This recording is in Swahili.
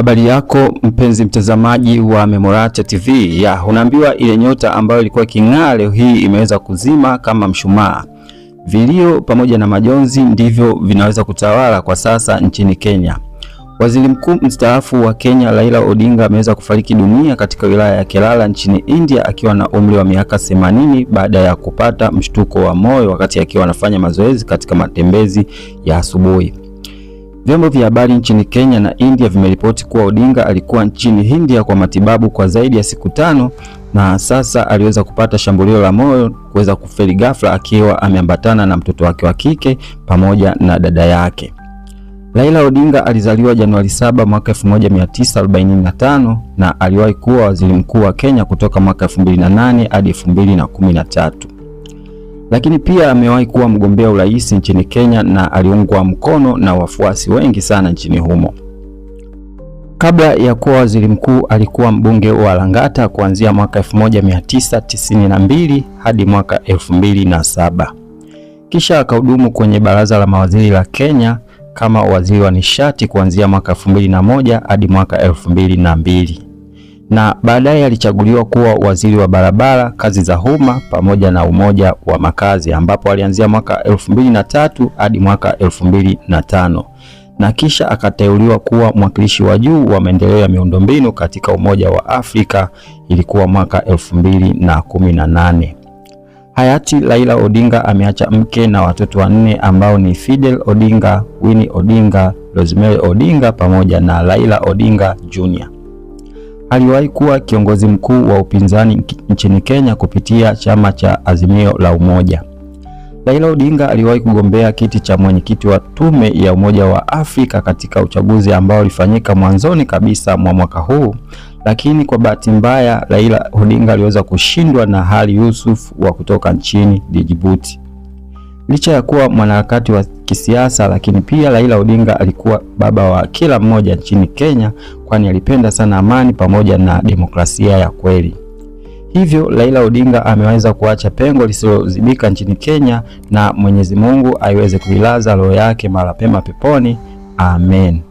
Habari yako mpenzi mtazamaji wa Memorata TV ya, unaambiwa ile nyota ambayo ilikuwa king'aa leo hii imeweza kuzima kama mshumaa. Vilio pamoja na majonzi ndivyo vinaweza kutawala kwa sasa nchini Kenya. Waziri mkuu mstaafu wa Kenya Raila Odinga ameweza kufariki dunia katika wilaya ya Kerala nchini India akiwa na umri wa miaka 80 baada ya kupata mshtuko wa moyo wakati akiwa anafanya mazoezi katika matembezi ya asubuhi. Vyombo vya habari nchini Kenya na India vimeripoti kuwa Odinga alikuwa nchini India kwa matibabu kwa zaidi ya siku tano na sasa aliweza kupata shambulio la moyo kuweza kufeli ghafla akiwa ameambatana na mtoto wake wa kike pamoja na dada yake. Raila Odinga alizaliwa Januari 7 mwaka 1945 na aliwahi kuwa waziri mkuu wa Kenya kutoka mwaka 2008 hadi 2013 lakini pia amewahi kuwa mgombea urais nchini Kenya na aliungwa mkono na wafuasi wengi sana nchini humo. Kabla ya kuwa waziri mkuu, alikuwa mbunge wa Langata kuanzia mwaka 1992 hadi mwaka 2007. Kisha akahudumu kwenye baraza la mawaziri la Kenya kama waziri wa nishati kuanzia mwaka 2001 hadi mwaka 2002 na baadaye alichaguliwa kuwa waziri wa barabara, kazi za umma pamoja na umoja wa makazi, ambapo alianzia mwaka 2003 hadi mwaka 2005 na kisha akateuliwa kuwa mwakilishi wa juu wa maendeleo ya miundombinu katika Umoja wa Afrika, ilikuwa mwaka 2018. Hayati Raila Odinga ameacha mke na watoto wanne ambao ni Fidel Odinga, Winnie Odinga, Rosemary Odinga pamoja na Raila Odinga Jr aliwahi kuwa kiongozi mkuu wa upinzani nchini Kenya kupitia chama cha Azimio la Umoja. Raila Odinga aliwahi kugombea kiti cha mwenyekiti wa Tume ya Umoja wa Afrika katika uchaguzi ambao ulifanyika mwanzoni kabisa mwa mwaka huu, lakini kwa bahati mbaya Raila Odinga aliweza kushindwa na Ali Yusuf wa kutoka nchini Djibouti. Licha ya kuwa mwanaharakati wa kisiasa, lakini pia Raila Odinga alikuwa baba wa kila mmoja nchini Kenya, kwani alipenda sana amani pamoja na demokrasia ya kweli. Hivyo Raila Odinga ameweza kuacha pengo lisilozibika nchini Kenya, na Mwenyezi Mungu aiweze kuilaza roho yake mara pema peponi. Amen.